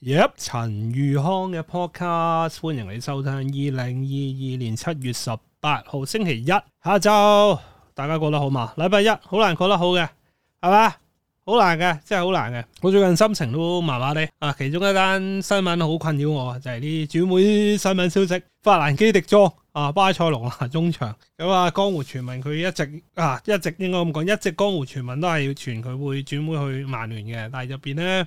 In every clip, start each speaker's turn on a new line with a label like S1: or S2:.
S1: Yep，陳如康嘅 podcast，歡迎你收聽。二零二二年七月十八號星期一下晝，大家過得好嘛？禮拜一好難過得好嘅，係嘛？好難嘅，真係好難嘅。我最近心情都麻麻地啊。其中一單新聞好困擾我，就係啲轉會新聞消息。法蘭基迪莊啊，巴塞隆啊，中場咁啊，江湖傳聞佢一直啊，一直應該咁講，一直江湖傳聞都係要傳佢會轉會去曼聯嘅，但係入邊咧。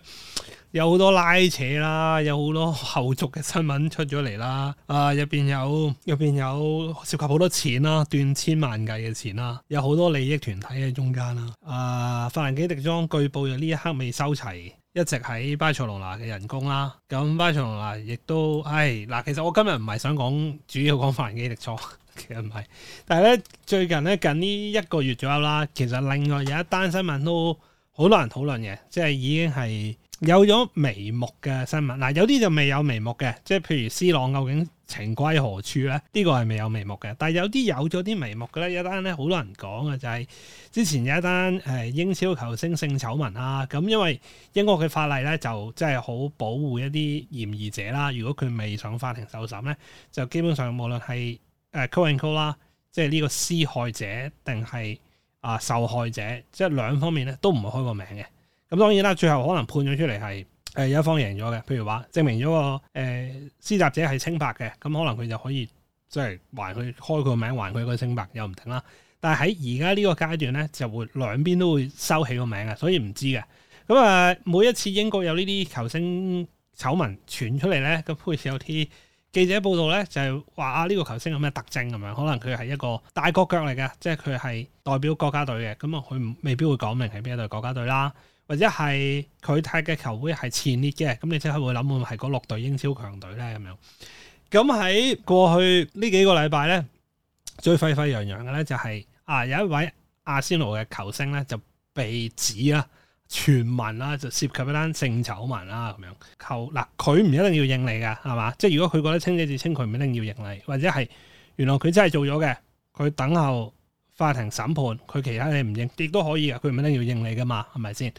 S1: 有好多拉扯啦，有好多後續嘅新聞出咗嚟啦。啊，入邊有入邊有涉及好多錢啦、啊，斷千萬計嘅錢啦、啊，有好多利益團體喺中間啦、啊。啊，法蘭基迪莊據報就呢一刻未收齊，一直喺巴塞羅那嘅人工啦、啊。咁巴塞羅那亦都，唉，嗱，其實我今日唔係想講主要講法蘭基迪莊，其實唔係。但係咧，最近咧，近呢一個月左右啦，其實另外有一單新聞都好多人討論嘅，即係已經係。有咗眉目嘅新聞，嗱、呃、有啲就未有眉目嘅，即係譬如 C 朗究竟情歸何處咧？呢、這個係未有眉目嘅。但係有啲有咗啲眉目嘅咧，有一單咧好多人講嘅就係之前有一單誒英超球星性醜聞啦。咁、嗯、因為英國嘅法例咧就即係好保護一啲嫌疑者啦。如果佢未上法庭受審咧，就基本上無論係誒 co and co 啦，即係呢個施害者定係啊受害者，即係兩方面咧都唔會開個名嘅。咁當然啦，最後可能判咗出嚟係有一方贏咗嘅，譬如話證明咗個誒、呃、施襲者係清白嘅，咁、嗯、可能佢就可以即係還佢開佢個名，還佢個清白又唔定啦。但係喺而家呢個階段咧，就會兩邊都會收起個名啊，所以唔知嘅。咁、嗯、啊，每一次英國有呢啲球星醜聞傳出嚟咧，咁會有啲記者報道咧，就係話啊呢個球星有咩特徵咁樣，可能佢係一個大國腳嚟嘅，即係佢係代表國家隊嘅，咁啊佢未必會講明係邊一隊國家隊啦。或者係佢踢嘅球會係前列嘅，咁你即刻會諗，係嗰六隊英超強隊咧咁樣。咁喺過去呢幾個禮拜咧，最沸沸揚揚嘅咧就係、是、啊，有一位阿仙奴嘅球星咧就被指啦，傳聞啦就涉及一單性醜聞啦咁樣。球嗱，佢唔一定要認你噶，係嘛？即係如果佢覺得清者自清，佢唔一定要認你。或者係原來佢真係做咗嘅，佢等候法庭審判，佢其他你唔認，亦都可以嘅。佢唔一定要認你嘅嘛，係咪先？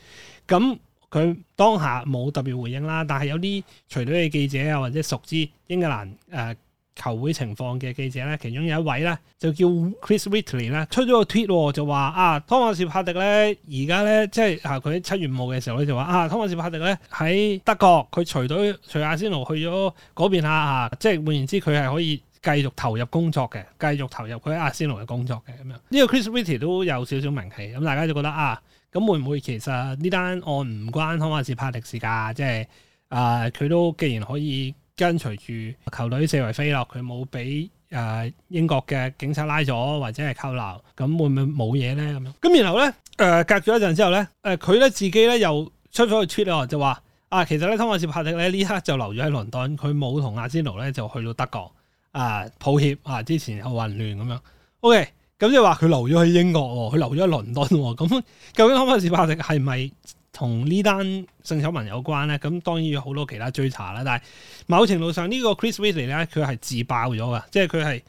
S1: 咁佢當下冇特別回應啦。但係有啲隨隊嘅記者啊，或者熟知英格蘭誒、呃、球會情況嘅記者咧，其中有一位咧就叫 Chris Whitley 咧，出咗個 tweet、哦、就話啊，湯馬士帕迪咧而家咧即係啊，喺佢七月五號嘅時候咧就話啊，湯馬士帕迪咧喺德國，佢隨隊隨阿仙奴去咗嗰邊啊啊！即係換言之，佢係可以。繼續投入工作嘅，繼續投入佢喺阿仙奴嘅工作嘅咁樣。呢、這個 Chris Witty 都有少少名氣，咁大家就覺得啊，咁會唔會其實呢單案唔關湯馬士帕迪事㗎？即係啊，佢、呃、都既然可以跟隨住球隊四圍飛落，佢冇俾誒英國嘅警察拉咗或者係扣留，咁會唔會冇嘢咧？咁樣。咁然後咧，誒、呃、隔咗一陣之後咧，誒佢咧自己咧又出咗去 tweet 個貼咧，就話啊，其實咧湯馬士帕迪咧呢刻就留咗喺倫敦，佢冇同阿仙奴咧就去到德國。啊，抱歉啊，之前有混亂咁樣。OK，咁即係話佢留咗去英國，哦，佢留咗喺倫敦，哦。咁、嗯、究竟湯馬士帕迪係咪同呢單性醜聞有關咧？咁、嗯、當然有好多其他追查啦。但係某程度上呢、呢個 Chris Wheatley 咧，佢係自爆咗嘅，即係佢係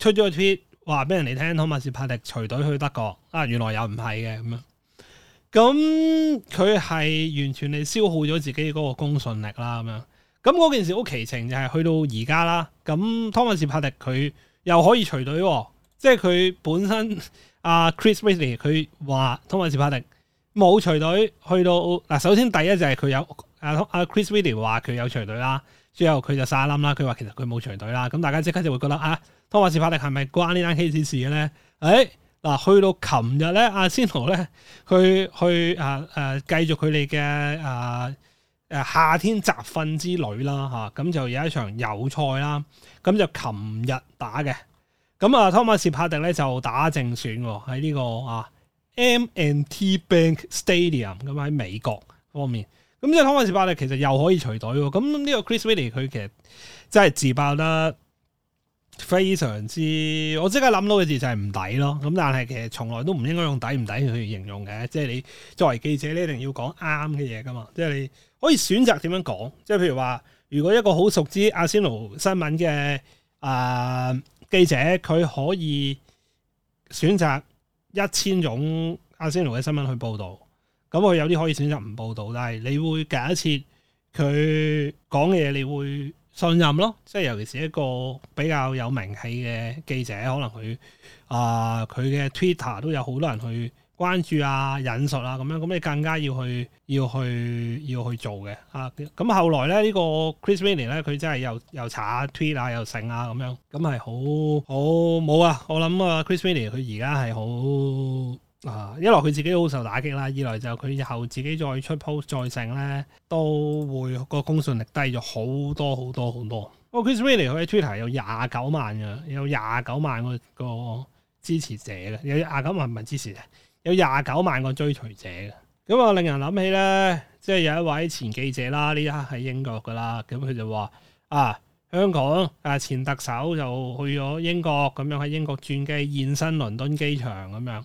S1: 出咗個 tweet 話俾人哋聽，湯馬士帕迪隨隊去德國啊，原來又唔係嘅咁樣。咁佢係完全係消耗咗自己嗰個公信力啦，咁樣。咁嗰、嗯、件事好奇情，就係去到而家啦。咁湯馬士帕迪佢又可以隨隊、哦，即係佢本身阿、啊、Chris Whitty 佢話湯馬士帕迪冇隨隊，去到嗱首先第一就係佢有阿阿、啊、Chris Whitty 話佢有隨隊啦，最後佢就沙冧啦，佢話其實佢冇隨隊啦。咁大家即刻就會覺得啊，湯馬士帕迪係咪關呢單 case 事嘅咧？誒、哎、嗱、啊，去到琴日咧，阿仙奴咧去去誒誒、啊啊啊、繼續佢哋嘅誒。啊誒夏天集訓之旅啦嚇，咁、啊、就有一場友賽啦，咁就琴日打嘅，咁啊，湯馬士帕迪咧就打正選喎，喺呢、呢個啊 M and T Bank Stadium，咁喺美國方面，咁即係湯馬士帕迪其實又可以隨隊喎，咁呢個 Chris Woody 佢其實真係自爆啦。非常之，我即刻諗到嘅字就係唔抵咯。咁但係其實從來都唔應該用抵唔抵去形容嘅。即係你作為記者，你一定要講啱嘅嘢噶嘛。即係你可以選擇點樣講。即係譬如話，如果一個好熟知阿仙奴新聞嘅啊記者，佢可以選擇一千種阿仙奴嘅新聞去報道。咁佢有啲可以選擇唔報道，但係你會假設佢講嘅嘢，你會。信任咯，即係尤其是一個比較有名氣嘅記者，可能佢啊佢嘅 Twitter 都有好多人去關注啊、引述啊咁樣，咁你更加要去要去要去做嘅啊。咁後來咧呢、這個 Chris Minnie 咧，佢真係、啊、又又查 Twitter 又成啊咁樣，咁係好好冇啊！我諗啊，Chris Minnie 佢而家係好。啊！一來佢自己好受打擊啦，二來就佢以後自己再出 post 再成咧，都會個公信力低咗好多好多好多。哦，Chris Rennie 佢喺 Twitter 有廿九萬嘅，有廿九萬個個支持者嘅，有廿九萬唔係支持者，有廿九萬個追隨者嘅。咁、嗯、啊，我令人諗起咧，即係有一位前記者啦，呢一刻喺英國噶啦，咁佢就話啊，香港啊前特首就去咗英國，咁樣喺英國轉機現身倫敦機場咁樣。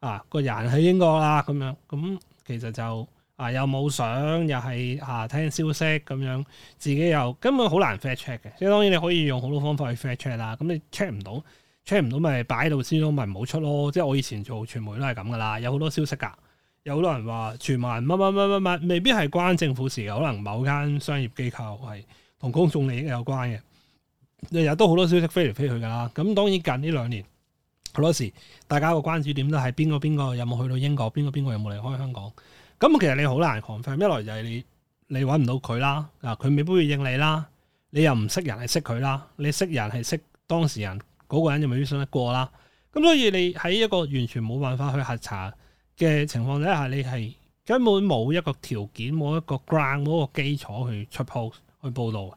S1: 啊，個人喺英國啦，咁樣咁其實就啊，又冇相，又係啊聽消息咁樣，自己又根本好難 fact check 嘅。即係當然你可以用好多方法去 fact check 啦。咁你 check 唔到，check 唔到咪擺喺度先咯，咪唔好出咯。即係我以前做傳媒都係咁噶啦，有好多消息噶，有好多人話傳聞乜乜乜乜乜，未必係關政府事，可能某間商業機構係同公眾利益有關嘅。日日都好多消息飛嚟飛去噶啦。咁當然近呢兩年。好多時，大家個關注點都係邊個邊個有冇去到英國，邊個邊個，個有冇離開香港。咁其實你好難 confirm，一來就係你你揾唔到佢啦，嗱佢未必會應你啦，你又唔識人係識佢啦，你識人係識當事人嗰、那個人就未必信得過啦。咁所以你喺一個完全冇辦法去核查嘅情況底下，你係根本冇一個條件，冇一個 ground 嗰個基礎去出 post 去報導。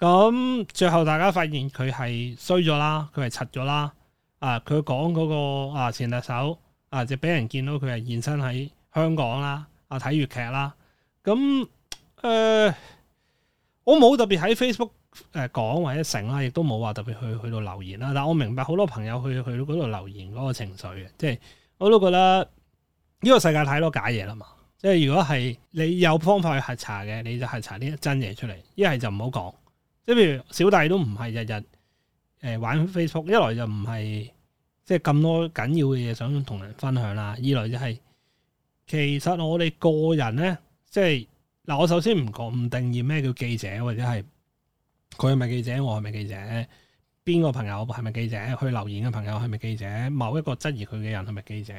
S1: 咁最後大家發現佢係衰咗啦，佢係柒咗啦。啊！佢講嗰個啊前特首啊，就俾、啊、人見到佢係現身喺香港啦，啊睇粵劇啦。咁、啊、誒、呃，我冇特別喺 Facebook 誒、呃、講或者成啦，亦都冇話特別去去到留言啦。但係我明白好多朋友去去到嗰度留言嗰個情緒嘅，即係我都覺得呢個世界太多假嘢啦嘛。即係如果係你有方法去核查嘅，你就核查呢一真嘢出嚟，一係就唔好講。即係譬如小弟都唔係日日、天天誒玩 Facebook，一來就唔係即係咁多緊要嘅嘢想同人分享啦；二來就係、是、其實我哋個人咧，即係嗱，我首先唔講唔定義咩叫記者或者係佢係咪記者，我係咪記者？邊個朋友係咪記者？去留言嘅朋友係咪記者？某一個質疑佢嘅人係咪記者？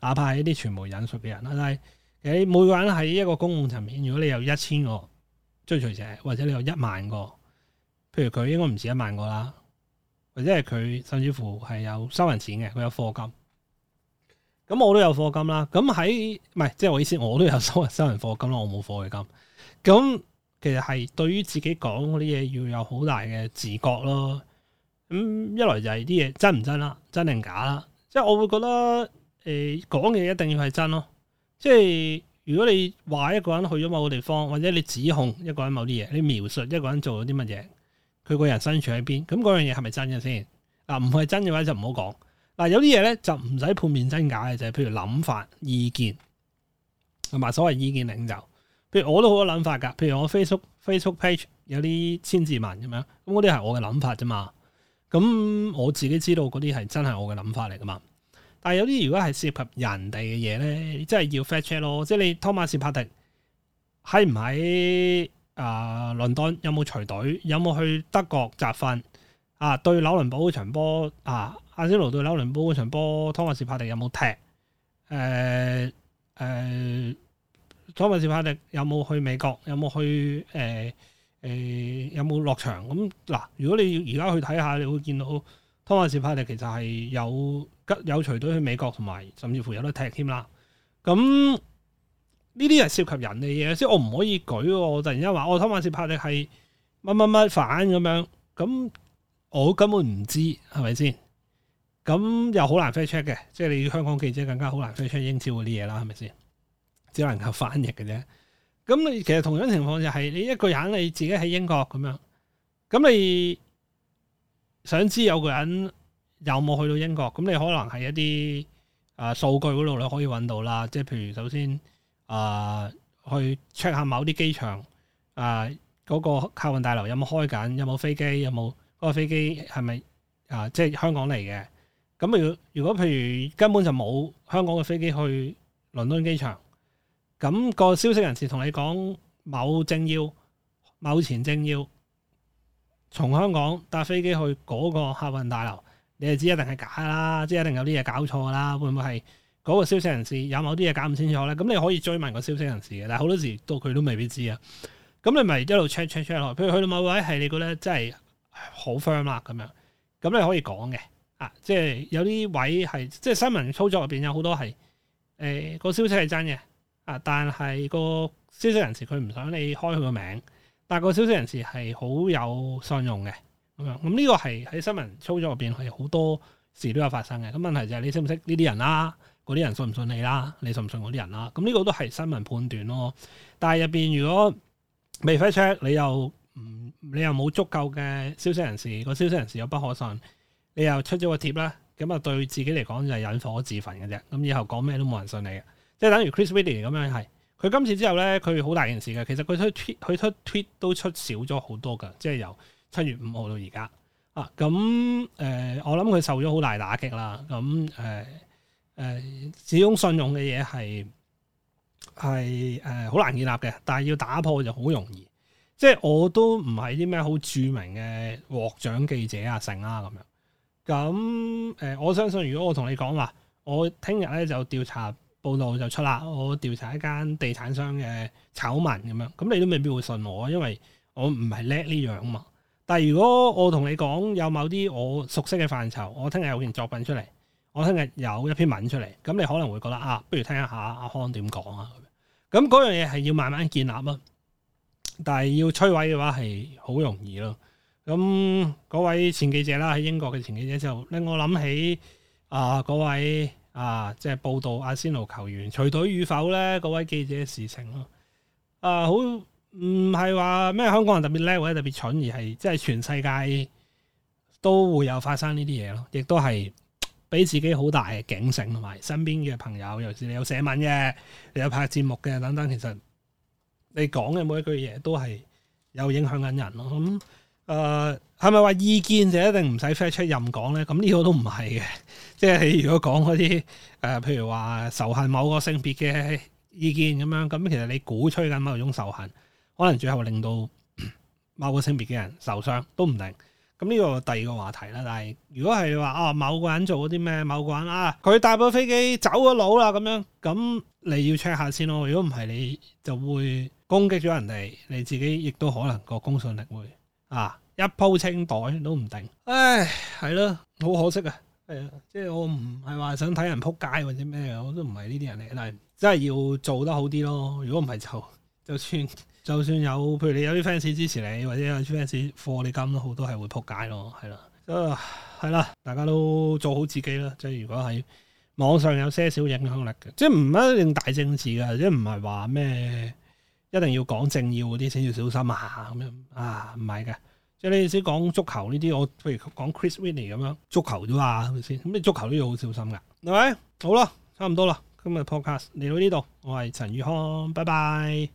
S1: 哪怕係一啲傳媒引述嘅人，但係誒每個人喺一個公共層面，如果你有一千個追隨者，或者你有一萬個，譬如佢應該唔止一萬個啦。或者係佢甚至乎係有收人錢嘅，佢有課金。咁我都有課金啦。咁喺唔係，即係我意思，我都有收人收人課金咯。我冇課嘅金。咁其實係對於自己講嗰啲嘢，要有好大嘅自覺咯。咁一來就係啲嘢真唔真啦，真定假啦。即係我會覺得，誒、呃，講嘅嘢一定要係真咯。即係如果你話一個人去咗某個地方，或者你指控一個人某啲嘢，你描述一個人做咗啲乜嘢。佢個人身處喺邊？咁嗰樣嘢係咪真嘅先？嗱、啊，唔係真嘅話就唔好講。嗱、啊，有啲嘢咧就唔使判斷真假嘅就係、是，譬如諗法、意見同埋所謂意見領袖。譬如我都好多諗法㗎，譬如我 Facebook Facebook page 有啲千字文咁樣，咁嗰啲係我嘅諗法啫嘛。咁我自己知道嗰啲係真係我嘅諗法嚟噶嘛。但係有啲如果係涉及人哋嘅嘢咧，即係要 fact check 咯。即係你托馬斯帕迪係唔係？是啊，倫敦有冇隨隊？有冇去德國集訓？啊，對紐倫堡嗰場波啊，阿仙奴對紐倫堡嗰場波，湯馬士帕迪有冇踢？誒、呃、誒、呃，湯馬士帕迪有冇去美國？有冇去誒誒、呃呃？有冇落場？咁嗱，如果你而家去睇下，你會見到湯馬士帕迪其實係有吉有隨隊去美國，同埋甚至乎有得踢添啦。咁。呢啲係涉及人哋嘅嘢，即係我唔可以舉。我突然間話我托馬斯拍力什麼什麼，力係乜乜乜反咁樣，咁我根本唔知係咪先。咁又好難 fact check 嘅，即係你香港記者更加好難 fact check 英超嗰啲嘢啦，係咪先？只能夠翻譯嘅啫。咁你其實同樣情況就係、是、你一個人你自己喺英國咁樣，咁你想知有個人有冇去到英國，咁你可能係一啲誒數據嗰度你可以搵到啦。即係譬如首先。啊、呃，去 check 下某啲機場啊，嗰、呃嗰個客運大樓有冇開緊，有冇飛機，有冇嗰個飛機係咪啊？即係香港嚟嘅。咁如果如果譬如根本就冇香港嘅飛機去倫敦機場，咁、個消息人士同你講某政要、某前政要從香港搭飛機去嗰個客運大樓，你就知一定係假啦，即係一定有啲嘢搞錯啦，會唔會係？嗰個消息人士有某啲嘢搞唔清楚咧，咁你可以追問個消息人士嘅，但係好多時到佢都未必知啊。咁你咪一路 check check check 落，譬如去到某位係你覺得真係好 firm 啦咁樣，咁你可以講嘅啊。即係有啲位係即係新聞操作入邊有好多係誒個消息係真嘅啊，但係個消息人士佢唔想你開佢個名，但係個消息人士係好有信用嘅咁樣。咁呢個係喺新聞操作入邊係好多事都有發生嘅。咁問題就係你識唔識呢啲人啦？嗰啲人信唔信你啦？你信唔信嗰啲人啦？咁、嗯、呢、這個都係新聞判斷咯。但係入邊如果未 check 你又唔、嗯、你又冇足夠嘅消息人士，個消息人士又不可信，你又出咗個貼啦，咁啊對自己嚟講就係引火自焚嘅啫。咁以後講咩都冇人信你嘅，即係等於 Chris Whitney 咁樣係。佢今次之後咧，佢好大件事嘅。其實佢出 tweet，佢出 tweet，tweet 都出少咗好多嘅。即係由七月五號到而家啊。咁、嗯、誒、呃，我諗佢受咗好大打擊啦。咁、嗯、誒。呃誒，始終信用嘅嘢係係誒好難建立嘅，但係要打破就好容易。即係我都唔係啲咩好著名嘅獲獎記者啊、成啦咁樣。咁、嗯、誒、呃，我相信如果我同你講話，我聽日咧就調查報道就出啦。我調查一間地產商嘅醜聞咁樣，咁你都未必會信我，因為我唔係叻呢樣啊嘛。但係如果我同你講有某啲我熟悉嘅範疇，我聽日有件作品出嚟。我聽日有一篇文出嚟，咁你可能會覺得啊，不如聽一下阿康點講啊。咁嗰樣嘢係要慢慢建立咯，但係要摧毀嘅話係好容易咯。咁嗰位前記者啦，喺英國嘅前記者之後令我諗起啊，呃，嗰位啊，即係報導阿仙奴球員隨隊與否咧嗰位記者嘅事情咯。啊、呃，好唔係話咩香港人特別叻或者特別蠢，而係即係全世界都會有發生呢啲嘢咯，亦都係。俾自己好大嘅警醒，同埋身邊嘅朋友，尤其是你有寫文嘅，你有拍節目嘅等等，其實你講嘅每一句嘢都係有影響緊人咯。咁誒係咪話意見就一定唔使 fair 出任講咧？咁、嗯、呢、這個都唔係嘅，即係你如果講嗰啲誒，譬如話仇恨某個性別嘅意見咁樣，咁、嗯、其實你鼓吹緊某一種仇恨，可能最後令到某個性別嘅人受傷都唔定。咁呢個第二個話題啦，但係如果係話啊某個人做咗啲咩，某個人啊佢搭部飛機走咗佬啦咁樣，咁你要 check 下先咯。如果唔係，你就會攻擊咗人哋，你自己亦都可能個公信力會啊一鋪清袋都唔定。唉，係咯，好可惜啊。係啊，即係我唔係話想睇人撲街或者咩，我都唔係呢啲人嚟。但係真係要做得好啲咯。如果唔係，就就算。就算有，譬如你有啲 fans 支持你，或者有啲 fans 貨，你金都好多係會撲街咯，係啦，係啦，大家都做好自己啦。即係如果喺網上有些少影響力嘅，即係唔一定大政治嘅，即係唔係話咩一定要講政要嗰啲先要小心啊？咁樣啊，唔係嘅，即係你意思講足球呢啲，我譬如講 Chris Winnie 咁樣足球啫嘛，啊，係咪先？咁你足球都要好小心噶，係咪？好啦，差唔多啦，今日 podcast 嚟到呢度，我係陳宇康，拜拜。